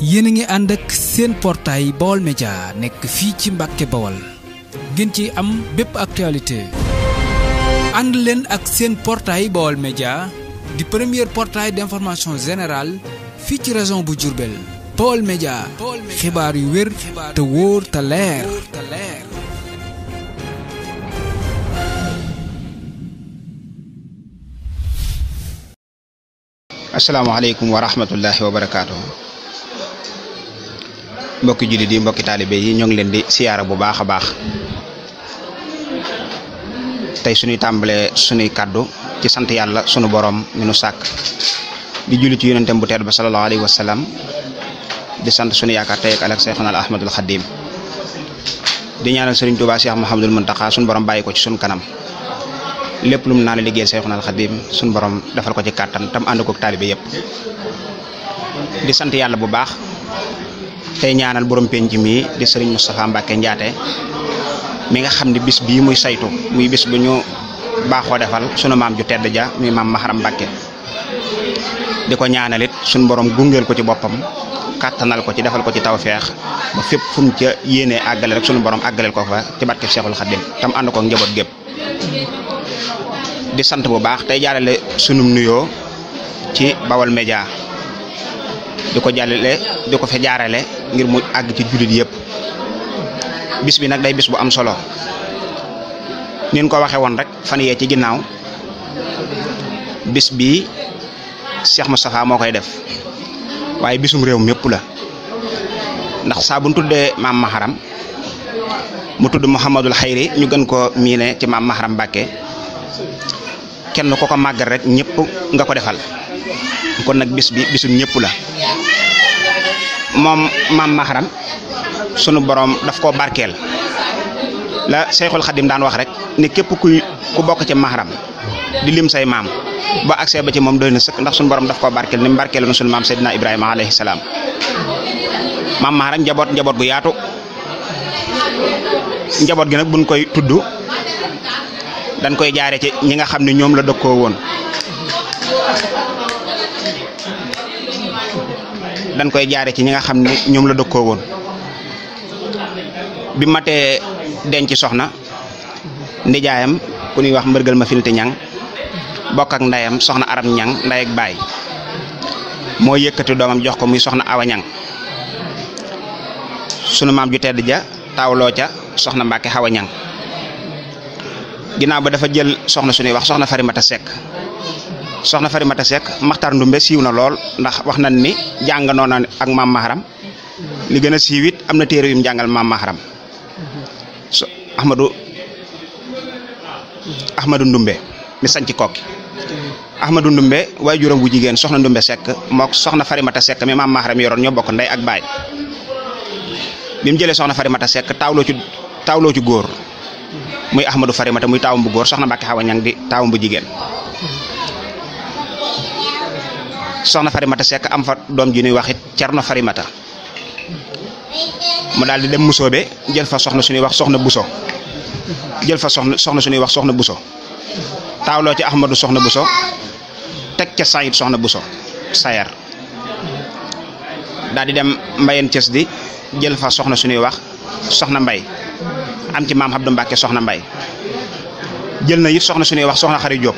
yéen a ngi ànd ak seen portail Baol Média nekk fii ci Mbàkke Baol ngeen ci am bépp actualité ànd leen ak seen portail Baol Média di premier portail d'information générale fii ci région bu jurbel Baol Média xibaar yu wér te wóor te leer asalaamaaleykum wa mbokki jullit di mbokki taalibe yi ñoo ngi leen di siyaara bu baax a baax tey suñuy tàmbalee suñuy kàddu ci sant yàlla sunu borom mi nu sàkk di julli ci yonentam bu teer ba sallallahu alayhi wa di sant sunu yaakaar tey ak alak Seexuna Ahmadul Xadim di ñaanal sëriñ Tuubaa Seex Muhammadul Muntaxa sunu borom bàyyi ko ci sunu kanam lépp lum mu naa la liggéey Seexuna Xadim sunu borom defal ko ci kàttan tam ànd ko ak taalibe yëpp tey ñaanal borom penc mii di sëriñ Moustapha Mbacke njaate mi nga xam ne bis bii muy saytu muy bis bu ñu baaxoo defal sunu maam ju tedd ja muy maam Maharam Mbacke di ko ñaanalit sunu borom gungeel ko ci boppam kàttanal ko ci defal ko ci tawfeex ba fépp fu ca yéenee àggale rek sunu borom àggaleel ko fa ci barke Seexul Xaddim tam ànd ko njaboot gépp di sant bu baax tey jaarale sunum nuyoo ci Bawol Média di ko jàllale di ko fa jaarale ngir mu àgg ci jullit yëpp bis bi nag day bis bu am solo nin ko waxee woon rek fan yee ci ginnaaw bis bi Cheikh Moustapha moo koy def waaye bisum réew mépp la ndax saa bu ñu tuddee maam Maharam mu tudd Mouhamadul Xayri ñu gën ko miine ci maam Maharam Mbàkke kenn ko ko màggal rek ñépp nga ko defal kon nag bis bi bisum ñépp la moom maam Maxaram sunu borom daf koo barkeel la Seyxul Xadim daan wax rek ne képp kuy ku bokk ci Maxaram di lim say maam ba accès ba ci moom doy na sëkk ndax sunu borom daf ko barkeel ni mu barkeeloon sunu maam Seydina Ibrahima alayhi salaam maam Maxaram njaboot njaboot gu yaatu njaboot gi nag buñ koy tudd dañ koy jaare ci ñi nga xam ne ñoom la dëkkoo woon. dañ koy jaare ci ñi nga xam ne ñoom la dëkkoo woon bi matee denc soxna ndijaayam ku ñuy wax mbërgal ma filite ñang bokk ak ndayam soxna aram ñang nday ak baay moo yëkkati doomam jox ko muy soxna awa ñang sunu maam ju tedd ja taawloo ca soxna mbàkke xawa ñang ginnaaw ba dafa jël soxna suñuy wax soxna mat a sekk soxna a Seck Maxtaar Ndumbe siiw na lool ndax wax nañ ni jàngandoo na ak maam Maharam li gën a siiw it am na téere yu jàngal maam Maharam so Ahmadou Ndumbe mi sanc Kokki Ahmadou Ndumbe waaye juróom bu jigéen soxna Ndumbe Seck mook soxna Farimata Seck mi maam Maharam yoroon ñoo bokk ndey ak baay bi mu jëlee soxna Farimata Seck taawloo ci loo ci góor muy Ahmadou Farimata muy taawam bu góor soxna Mbàkke Xawa Ñang di taawam bu jigéen soxna Farimata Seck am fa doom ji ñuy wax it Cerno Farimata mu daal di dem Musoobe jël fa soxna suñuy wax soxna Buso jël fa soxna soxna suñuy wax soxna Buso taawloo ci Ahmadu soxna Buso teg ca Sayid soxna Buso sayar daldi dem Mbayeen Cës di jël fa soxna suñuy wax soxna Mbay am ci maam Abdou Mbacke soxna Mbay jël na it soxna suñuy wax soxna Xari Jóob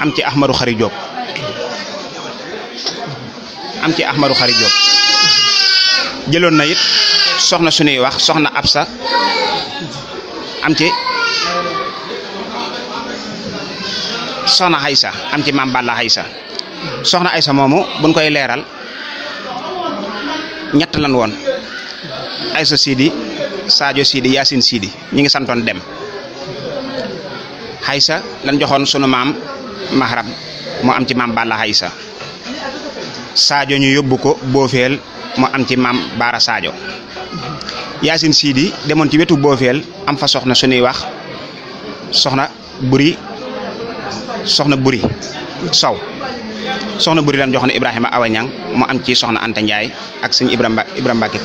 am ci Ahmadu Xari Jóob am ci Ahmadou Khary Diop jëloon na it soxna suñuy wax soxna Absa am ci soxna Aysa am ci maam Balla Aysa soxna Aysa moomu buñ koy leeral ñett lan woon Aysa Sidi Sadio Sidi Yacine Sidi ñi ngi santoon dem xaysa lan joxoon sunu maam Mahram moo am ci maam Balla Aysa Sadio ñu yóbbu ko boofeel mu am ci maam Baara saajo Yaasin Siidi demoon ci wetu boofeel am fa soxna sunuy wax soxna buri soxna buri saw soxna buri lan joxoon Ibrahima Awa Ñang mu am ci soxna Anta njaay ak sëñ Ibrahima Ibrahima Mbacke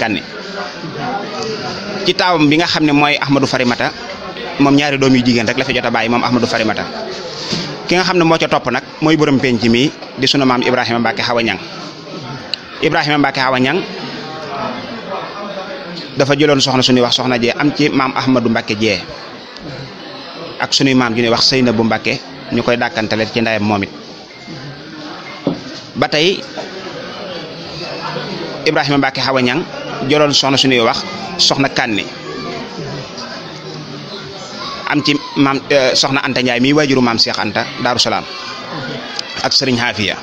ci taawam bi nga xam ne mooy Ahmadou Farimata moom ñaari doom yu jigéen rek la fi jot a bàyyi moom Ahmadou Farimata ki nga xam ne moo ca topp nag mooy borom penc mi di sunu maam Ibrahima Mbacke xaw a ñang Ibrahima Mbacke xaw a ñang dafa jëloon soxna suñuy wax soxna jee am ci maam Ahmadou Mbacke jee ak sunuy maam ju ñuy wax sëy na bu Mbacke ñu koy dàkkantale ci ndayam moomit ba tey ibrahim Mbacke xaw a ñang jëloon soxna suñuy wax soxna Kànni am ci maam euh, soxna Anta Ndiaye mii waajuru maam Cheikh Anta Daaru ak sëriñ Xaafiya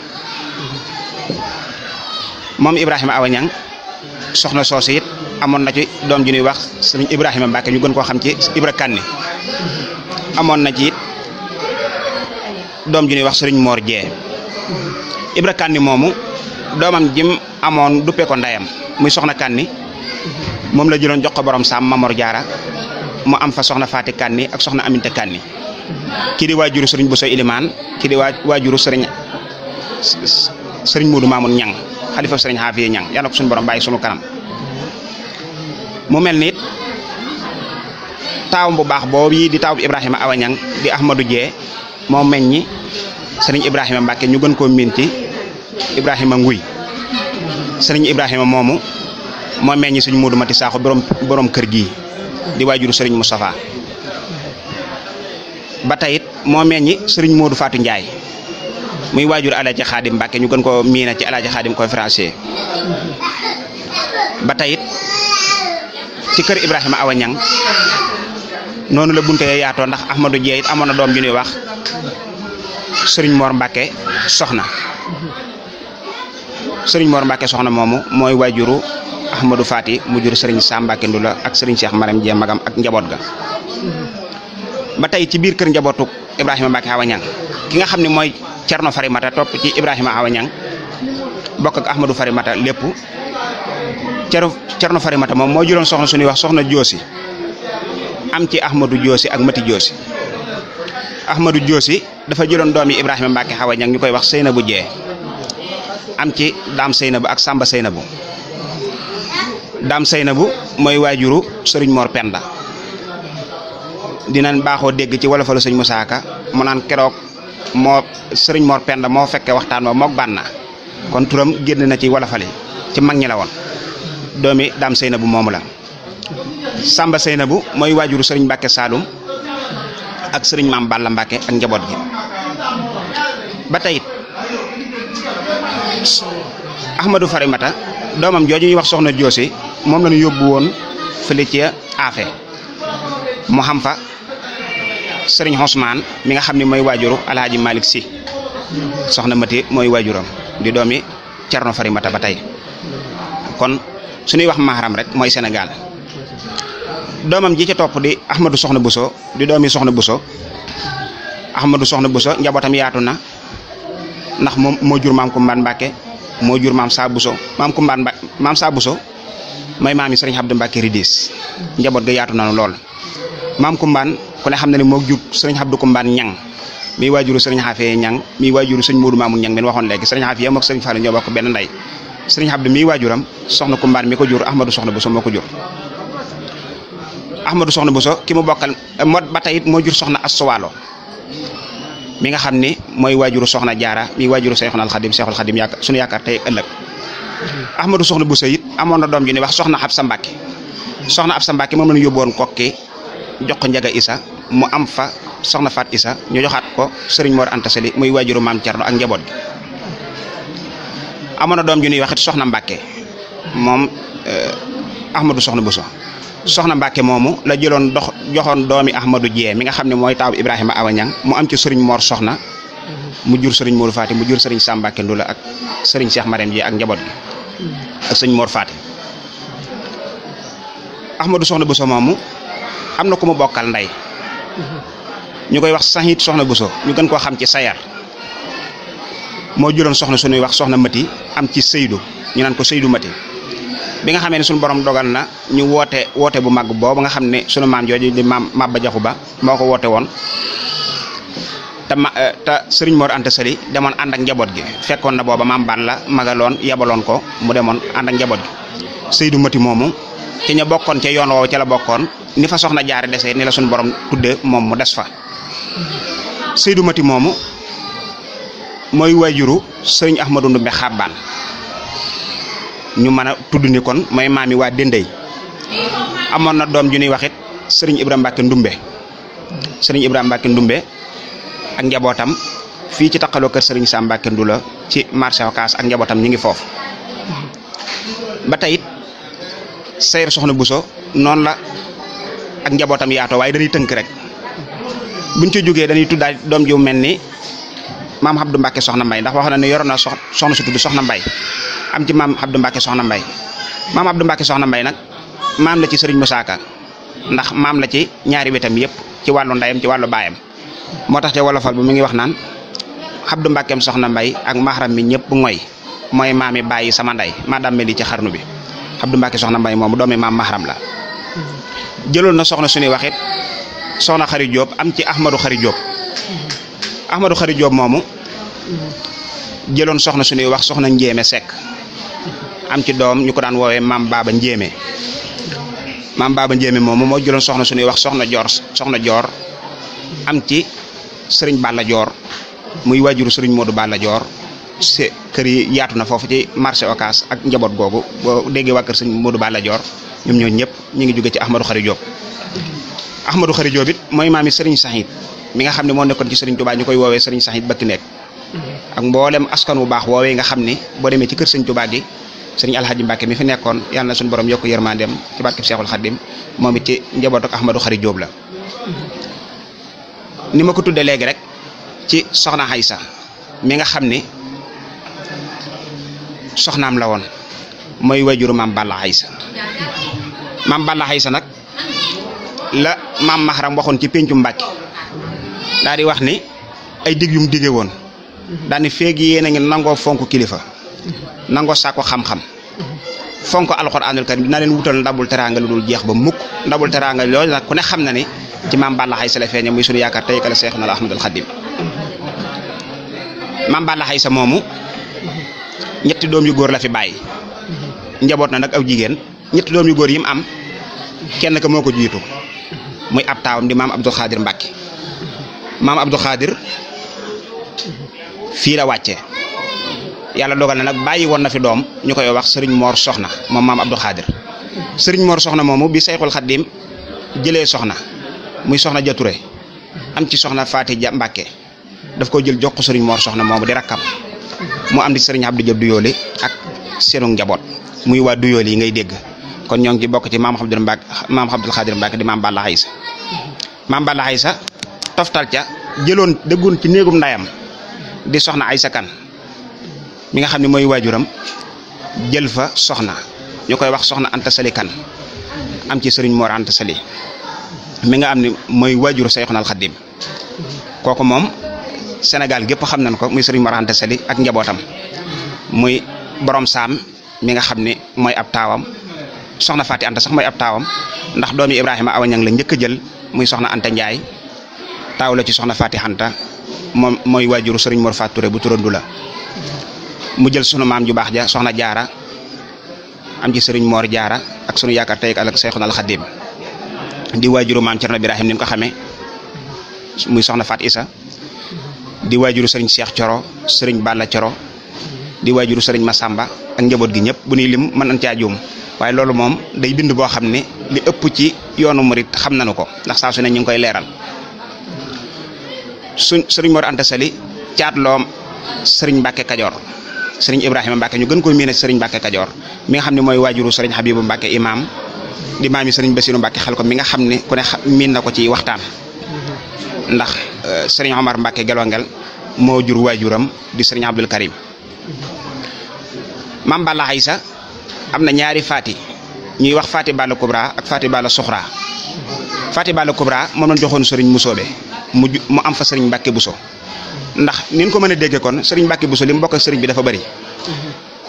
moom Ibrahima Awa soxna soosu it amoon na ci doom ju ñuy wax sëriñ Ibrahima Mbacke ñu gën koo xam ci Ibra Kanni amoon na ci doom ju nuy wax sëriñ Mor Jee Ibra Kanni moomu doomam jim amoon duppe ko ndayam muy soxna Kanni moom la jëloon jox ko borom Sam Mamor Jaara mu am fa soxna Faati Kanni ak soxna Aminta Kanni kii di waajuru bu Bousso Ilimaan kii di waajuru sëriñ sëriñ Moodu Maamun Ñang xalifa sëriñ Xaafiye Ñang yàlla ko suñu borom bàyyi sunu kanam mel ni taawam bu baax boobu yii di taawam Ibrahima Awa Ñang di Ahmadou Jee moo meññi sëriñ Ibrahima Mbàkke ñu gën koo minti Ibrahima Nguy sëriñ Ibrahima moomu moo meññi suñu Moodu Mati Saaxo borom kër gii di waajuru sëriñ Moustapha ba tey it moo meññi sëriñ Modou Fatou Ndiaye muy waajur alaaji xaadim Mbàkke ñu gën ko miina ci alaaji xaadim conférencier ba tey ci kër Ibrahima Awa Ñang noonu la bunte ya yaatoo ndax Ahmadou Dieye it amoon na doom ju ñuy wax sëriñ Mor Mbàkke soxna sëriñ Mor Mbàkke soxna moomu mooy waajuru Ahmadou faati mu jur sëriñ Samba Kindu la ak sëriñ Cheikh Maram Jee magam ak njaboot ga ba tey ci biir kër njabootuk Ibrahima Mbacke Awa Niang ki nga xam ni mooy Cerno Farimata topp ci Ibrahima Awa Niang bokk ak Ahmadou Farimata lépp Cerno Cerno Farimata moom mooy juróon soxna suñuy wax soxna Joosi am ci Ahmadou Joosi ak Mati Joosi Ahmadou Joosi dafa juróon doomi Ibrahima Mbacke Awa Niang ñu koy wax bu Jee am ci Daam bu ak sàmba Samba Seynabu daam Saynabu mooy waajuru sëriñ Mor Penda dinañ baaxoo dégg ci wolofalu sëñ musaaka Ka naan keroog moo sëriñ Mor Penda moo fekkee waxtaan wa ba moog na kon turam génn na ci wolofali ci mag ñi la woon doomi daam bu moomu la Samba bu mooy waajuru sëriñ Mbàkke Saalum ak sëriñ Maam Balla Mbàkke ak njaboot gi ba tey Ahmadou Farimata doomam jooju ñuy wax soxna Joose moom la ñu yóbbu woon fële ca Afe mu xam fa sëriñ Ousmane mi nga xam ni mooy waajuru alhaaji malik si soxna Mati mooy waajuram di doomi Cerno Farimata ba tey kon su ñuy wax maaram rek mooy senegal doomam ji ca topp di Ahmadou Soxna Bousso di doomi Soxna Bousso Ahmadou Soxna Bousso njabootam yaatu na ndax moom moo jur maam ko Mbaan Mbàkke moo jur maam saa buso maam kumbaan mba maam saa buso may maam yi sëriñ Abdou Mbacke Ridis njaboot ga yaatu nañu lool maam kumbaan ku ne xam na ne moo jub sëriñ Abdou kumbaan ñang mii waajuru sëriñ xaafee ñang mii waajuru sëriñ Modou Mamoun ñang ben waxoon léegi sëriñ xaafee ak sëriñ Fallou ñoo bokk benn ndey sëriñ Abdou mii waajuram soxna kumbaan mi ko jur Ahmadou soxna buso moo ko jur Ahmadou soxna buso ki mu bokkal mot ba tey it moo jur soxna Assuwaalo mi nga xam ni mooy waajuru soxna jaara mi waajuru seexul xadim seexul xadim yaakaar sunu yaakaar tey ëllëg ahmadou soxna bu sayit amoon na doom ju ni wax soxna ab sa mbàkke soxna ab sa mbàkke moom lañu yóbboon kokki jox ko njaga isa mu am fa soxna faat isa ñu joxaat ko sëriñ moor anta sali muy waajuru maam cerno ak amoon doom ju ni waxit soxna mbàkke moom euh, ahmadou soxna bu so soxna Mbacke moomu la jëloon dox joxoon doomi Ahmadou Dieng mi nga xam ne mooy taaw Ibrahima Awa Niang mu am ci sëriñ Mor soxna mm-hmm. mu jur sëriñ Modou Faty mu jur sëriñ Sam Mbacke Ndoulo ak sëriñ Cheikh Marème ji ak njaboot gi mm-hmm. ak sëñ Mor Faty Ahmadou soxna Bousso moomu am na ku mu bokkal ndey mm-hmm. ñu koy wax sahit soxna Bousso ñu gën koo xam ci sayar moo juróon soxna suñuy wax soxna Mati am ci Seydou ñu naan ko Seydou Mati bi nga xamee ne suñu borom dogal na ñu woote woote bu mag boobu nga xam ne sunu maam jooju di maam Maba Jaxu Ba moo ko woote woon te ma eh, te sëriñ Mor Anta Sali demoon ànd ak njaboot gi fekkoon na booba maam baan la magaloon yabaloon ko mu demoon ànd ak njaboot gi Seydou moomu ci ña bokkoon ca yoon woowu ca la bokkoon ni fa soxna jaare dese ni la suñu borom tudde moom mu des fa Seydou Mati moomu mooy waajuru sëriñ Ahmadou Ndumbe Xabbaan ñu mën a tudd ni kon mooy maam yi waa Dendey amoon na doom ju ñuy wax it sëriñ Ibrahima Mbacke Ndumbe sëriñ Ibrahima Mbacke ak njabootam fii ci taqaloo kër sëriñ Sam Mbacke Ndula ci marché Ocass ak njabootam ñu ngi foofu ba tey it Seyr Soxna Bousso noonu la ak njabootam yaato waaye dañuy tënk rek buñ ci jógee dañuy tuddaal doom ju mel ni maam Abdou Mbacke Soxna Mbay ndax wax na ne yoroon na soxna su tudd Soxna Mbay am ci maam Abdou Mbacke Soxna Mbay maam Abdou Mbacke Soxna Mbay nag maam la ci Serigne Moussa Ka ndax maam la ci ñaari wetam yëpp ci wàllu ndayam ci wàllu baayam moo tax te wolofal bi mu ngi wax naan Abdou Mbackeem Soxna Mbay ak maxaram mi ñëpp ngoy mooy maami bàyyi sama nday maa dammee li ci xarnu bi Abdou Mbacke Soxna Mbay moomu doomi maam maxaram la jëloon na soxna suñuy waxit soxna xari Jóob am ci Ahmadou xari Jóob Ahmadou xari Jóob moomu jëloon soxna suñuy soxna njéeme sekk am ci doom ñu ko daan woowee maam baaba njéeme maam baaba njéeme moom moo jëloon soxna suñuy wax soxna joor soxna joor am ci sëriñ Balla Joor muy waajuru sëriñ Modou Balla Joor se kër yi yaatu na foofu ci marché Ocass ak njaboot googu boo déggee waa kër sëriñ Modou Balla Joor ñoom ñoo ñëpp ñu ngi jóge ci Ahmadou Khary Diop Ahmadou Khary Diop it mooy maam sëriñ Saxit mi nga xam ne moo nekkoon ci sëriñ Touba ñu koy woowee sëriñ Saxit bakki nekk ak mboolem askan wu baax woowee nga xam ni boo demee ci kër sëriñ Touba gi sëriñ alxaaji Mbàkke mi fi nekkoon yàlla na suñu borom yokk yërmandeem ci barkeb Seexul Xaddim moom it ci njaboot ak Ahmadou Xari Jóob la ni ma ko tuddee léegi rek ci soxna Aysa mi nga xam ni soxnaam la woon mooy wajuru maam Balla Aysa maam Balla Aysa nag la maam Mahram waxoon ci péncu Mbàkke daa di wax ni ay dig yum dige woon daa ni feeg yéen a ngi nangoo fonk kilifa nangoo saako xam-xam fonk alxuraanul karim dina leen wutal ndabul teraanga lu dul jeex ba mukk ndabul teraanga loolu nag ku ne xam na ni ci maam Balla Xaysa la feeñe muy sunu yaakaar tey kala Seexuna al Ahmadul Xadim maam Balla Xaysa moomu ñetti doom yu góor la fi bàyyi njaboot na nag aw jigéen ñetti doom yu góor yim am kenn ka moo ko jiitu muy ab taawam di maam Abdou Khadir Mbacke maam Abdou Khadir fii la wàcce yàlla dogal na nag bàyyi woon na fi doom ñu koy wax sëriñ moor Soxna moom maam Abdou Khadir sëriñ Mor Soxna moomu bi Sayxul Xaddim jëlee Soxna muy Soxna Jature am ci Soxna Faati Ja Mbàkke daf ko jël jox sëriñ Mor Soxna moomu di rakkam mu am di sëriñ Abdou Diop Duyooli ak seenu njaboot muy waa Duyooli yi ngay dégg kon ñoo ngi ci bokk ci maam Abdul Mbàkke maam Abdul Xadir Mbàkke di maam Balla Xaysa maam Balla Xaysa toftal ca jëloon dëggoon ci néegum ndayam di soxna Aysa Kan mi nga xam ne mooy waajuram jël fa soxna ñu koy wax soxna Anta Sali Kan am ci sëriñ Mor Anta Sali mi nga am ne mooy waajuru Sayxunal Xaddim kooku moom Sénégal gépp xam nañ ko muy sëriñ Mor ak njabootam muy borom saam mi nga xam ne mooy ab taawam soxna Faati Anta sax mooy ab taawam ndax doomi Ibrahima Awa Ñang la njëkk a jël muy soxna Anta Njaay taaw la ci soxna Faati Anta moom mooy waajuru sëriñ Mor Faat bu turandu la mu jël sunu maam ju baax ja soxna jaara am ci sëriñ moor jaara ak sunu yaakaar tey ak alak Seexuna Alxadim di waajuru maam Cerno Birahim ni mu ko xamee muy soxna Fat Isa di waajuru sëriñ Seex Coro sëriñ Balla Coro di waajuru sëriñ Masamba ak njaboot gi ñëpp bu nuy lim mën nañ caa juum waaye loolu moom day bind boo xam ne li ëpp ci yoonu murit xam nañu ko ndax saa su ne ñu ngi koy leeral suñ sëriñ Mor Anta caat caatloom sëriñ Mbàkke Kajoor sëriñ Ibrahima Mbacke ñu gën koo miine sëriñ Mbacke Kajoor mi nga xam ne mooy waajuru sëriñ Habibu Mbacke imaam di maam yi sëriñ Basiru Mbacke xel ko mi nga xam ne ku ne na ko ci waxtaan ndax euh, sëriñ Omar Mbacke gelongel moo jur waajuram di sëriñ Abdul Karim maam Balla Aysa am na ñaari faati ñuy wax faati Balla Kubra ak faati Balla Suxra faati Balla Kubra moom lañ joxoon sëriñ Musoobe mu mu am fa sëriñ Mbacke Buso ndax nin ko mën a déggee kon sëriñ Mbacke Bousso li mu bokk ak sëriñ bi dafa bari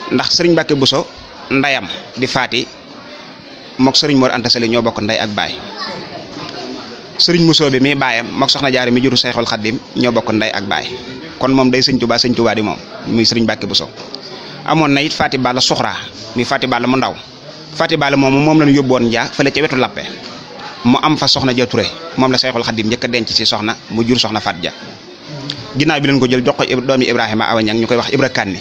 ndax sëriñ Mbacke Bousso ndayam di faati mook sëriñ Mor Anta Sali ñoo bokk nday ak baay sëriñ Mousso bi mi baayam mook soxna jaare mi juru Seexul Xaddim ñoo bokk nday ak baay kon moom day sëñ Tuubaa sëñ Tuubaa di moom muy sëriñ Mbacke Bousso amoon na it Faati Balla Suxra mi Faati Balla mu ndaw Faati Balla moomu moom la lañu yóbboon njaa fële ca wetu làppe mu am fa soxna ja Touré moom la Seexul Xaddim njëkk denc si soxna mu jur soxna Faat ja ginnaaw bi leen ko jël jox ko doomi Ibrahima Awa Niang ñu koy wax Ibra Kane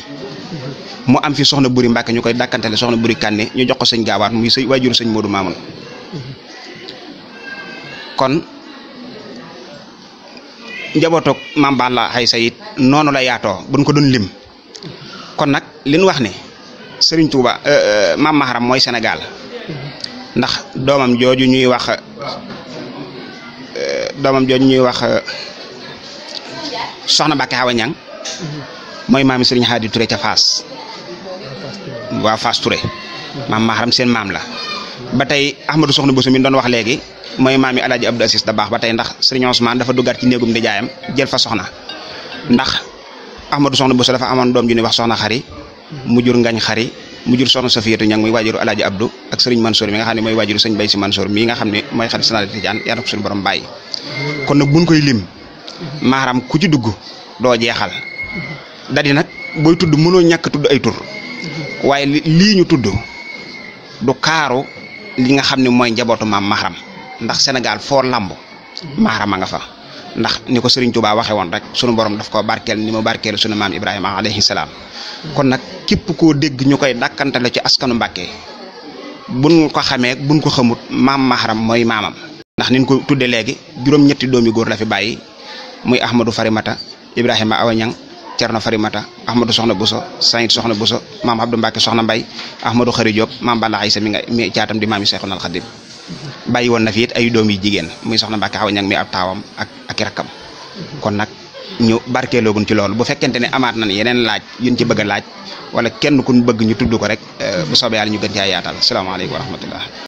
mu am fi soxna Buri Mbàkke ñu koy dàkkantale soxna Buri Kane ñu jox ko sëñ Gaawaat muy sëñ waajuru sëñ Modou Mamoun kon njabootu Maam Balla Aïssa it noonu la yaatoo buñ ko doon lim kon nag li wax ni Serigne Touba euh, euh, Maam Maharam mooy senegal ndax doomam jooju ñuy wax euh, doomam jooju ñuy wax. soxna Mbacke Awa Niang mooy maam Serigne Hadi Touré ca Faas waa Faas Touré maam Maharam seen maam la ba tey Ahmadou Soxna Bousso mi doon wax léegi mooy maam yi Alaaji Abdou Assis baax ba tey ndax Serigne Ousmane dafa duggaat ci néegum nijaayam jël fa soxna ndax Ahmadou Soxna Bousso dafa amoon doom ju ñuy wax soxna xari mu jur ngañ xari mu jur soxna Safiyatu Ñang muy waajuru Alaaji Abdou ak Serigne Mansour mi nga xam ne mooy waajuru Sëñ Bay Si Mansour mii nga xam ne mooy xarit Sénégal Tijaan yàlla ko suñu borom bàyyi kon nag buñ koy lim maaram ku ci dugg doo jeexal dadi nag booy tudd mënoo ñàkk tudd ay tur waaye lii ñu tudd du kaaru li nga xam ne mooy njabootu maam Maharam ndax Sénégal foo lamb Maharam a fa ndax ni ko Serigne Touba waxee woon rek sunu borom daf ko barkeel ni mu barkeel sunu maam Ibrahima alayhi salaam kon nag képp koo dégg ñu koy dàkkantale ci askanu Mbàkke buñ ko xamee buñ ko xamut maam Maharam mooy maamam. ndax niñ ko tuddee léegi juróom-ñetti doomi góor la fi bàyyi. muy Ahmadou Farimata Ibrahima Awañang Cerno Farimata Ahmadou Soxna Bousso Saïd Soxna Bousso maam Abdou Mbacke Soxna Mbay Ahmadou Xari Diop maam Balla se mi nga mi caatam di maam yi Seexul Xadim bàyyi woon na fi it ay doom yi jigéen muy Soxna Mbacke Awañang mi ab taawam ak ak kon nag ñu barkeeloogun ci loolu bu fekkente ne amaat nañ yeneen laaj yuñ ci bëgga laaj wala kenn kun bëgg ñu tudd ko rek eh, bu soobee yàlla ñu gën caa salaamaaleykum wa